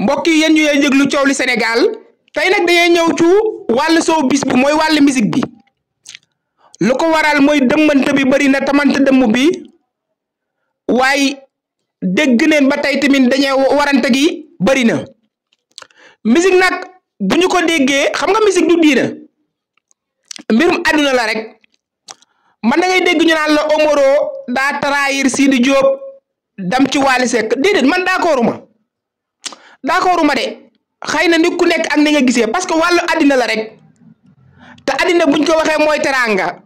mbokk yi yéen ñu yee njëglu coow li Sénégal tey nag dañuy ñëw ci wàll soo bis bi mooy wàllu misik bi lu ko waral mooy dëmmante bi bari na tamante dëmm bi waaye dégg neen ba tey tamit dañuy warante gi bari na musique nag bu ñu ko déggee xam nga musique du diina mbirum àdduna la rek man da ngay dégg ñu naan la Omoro daa trahir Sidi Diop dam ci Wally Seck déedéet man d'accorduma d'accorduma de xeyna nit ku nek ak ni nga gisee parce que walu adina la rek te adina buñ ko waxe moy teranga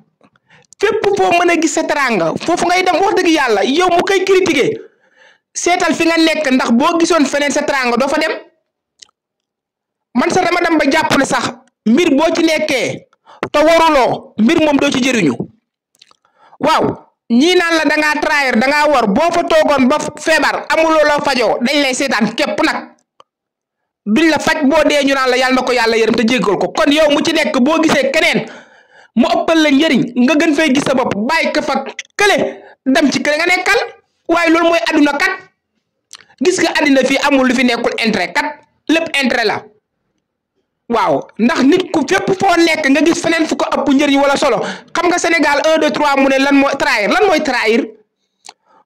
fepp fo meuna gis teranga fofu ngay dem wax deug yalla yow mu kay critiquer setal fi nga nek ndax bo gisone fenen sa teranga do fa dem man sa dama dem ba japp ne sax mbir bo ci nekke to warulo mbir mom do ci jeriñu waw ñi nan la da nga trahir da nga war bo fa togon ba febar amulo lo fajo dañ lay setan kep nak duñ la faj bo de ñu naan la yalla mako yalla yeeram te jéggol ko kon yow mu ci nekk bo gisé keneen mu ëppal la ñëriñ nga gën fay gis sa bop bay ka fa kële dem ci kële nga nekkal waye lool moy aduna kat gis nga adina fi amul lu fi nekkul intérêt kat lepp intérêt la waaw ndax nit ku fepp fo nekk nga gis fenen fu ko ëpp njëriñ wala solo xam nga Sénégal 1 2 3 mu ne lan mooy trahir lan moy trahir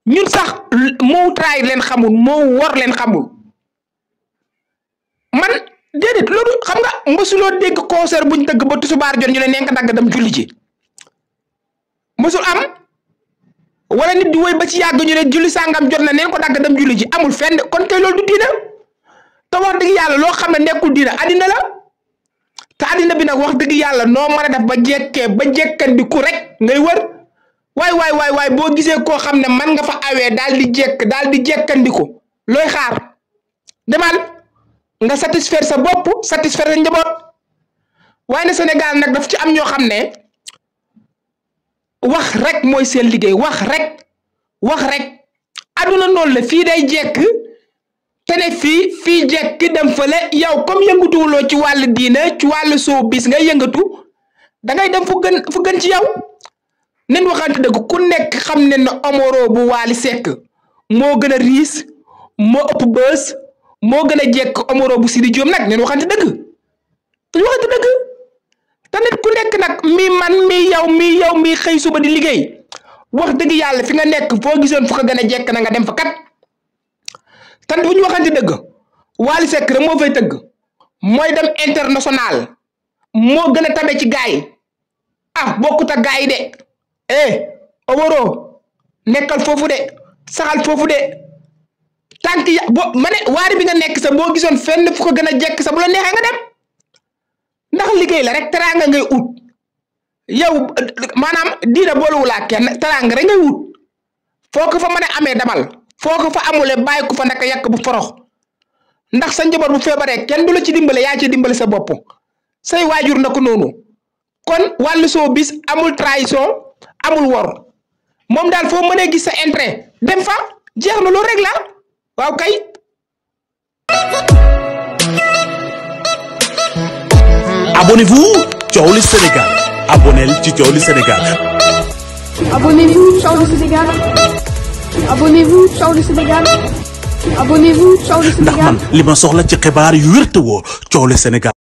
ñun sax mo trahir len xamul mo wor len xamul man dedet loolu xam nga mësuloo deg concert buñ tëgg ba tusubaar jot ñu ne nenk dag dam julli ci mësul am wala nit di woy ba ci yag ñu ne julli sangam jot na neen ko dagg julli ci amul fenn kon kay loolu du dina taw wax deug yalla lo xam ne nekkul diina addina la ta adina bi nak wax deug yalla no mën def ba jekke ba ku rek ngay wër way way way way bo gisee ko xamne man nga fa awé dal di jek dal di jekkandiku loy xaar demal nga satisfaire sa bop satisfaire njabot njaboot na senegal nak nag daf ci am ño xamne wax rek moy sen liguey wax rek wax rek aduna non la fii day jek tene fi fi jek jekk dem fele yow comme lo ci wal diina ci wal so bis nga yengatu da ngay dem fu gën fu gën ci yow nen waxante deug ku nek xamne na omoro bu wali sek mo gëna ris riis upp beus mo gëna a jekk omoro bu sidi jom nak neen waxante deug dañ waxante deug ku nekk nak mi man mi yaw mi yaw mi xey suba di liggey wax deug yalla fi nga nekk fo gisone fu ko gëna a jekk na nga dem fa kat tan buñ waxante deug wali sek rek mo fay teug moy dem international mo gëna tabe ci gaay ah bokku ta gaay de eh omoro nekkal fofude, de saxal fofu de tanki ya, bo mané wari bi nga nek sa bo gison fenn fu ko gëna jek sa bu la nexé nga dem ndax liggéey la rek teranga ngay ut yow manam diina bolu la kenn teranga rek ngay ut foko fa mané amé damal foko fa amulé bay ko fa nak yak bu forox ndax sa njabar bu febaré kenn du la ci dimbalé ya ci dimbalé sa bop say wajur nako nonu kon walu so bis amul trahison amul wor mom dal fo mëne gis sa intérêt dem fa jeexna lo rek la waaw kay. Abonnez-vous Thiowli Sénégal abonnel ci Thiowli Sénégal. Abonnez-vous Thiowli Sénégal. Abonnez-vous Thiowli Sénégal. Abonnez-vous Thiowli Sénégal. ndax man li ma soxla ci xibaar yu wér te woo Thiowli Sénégal.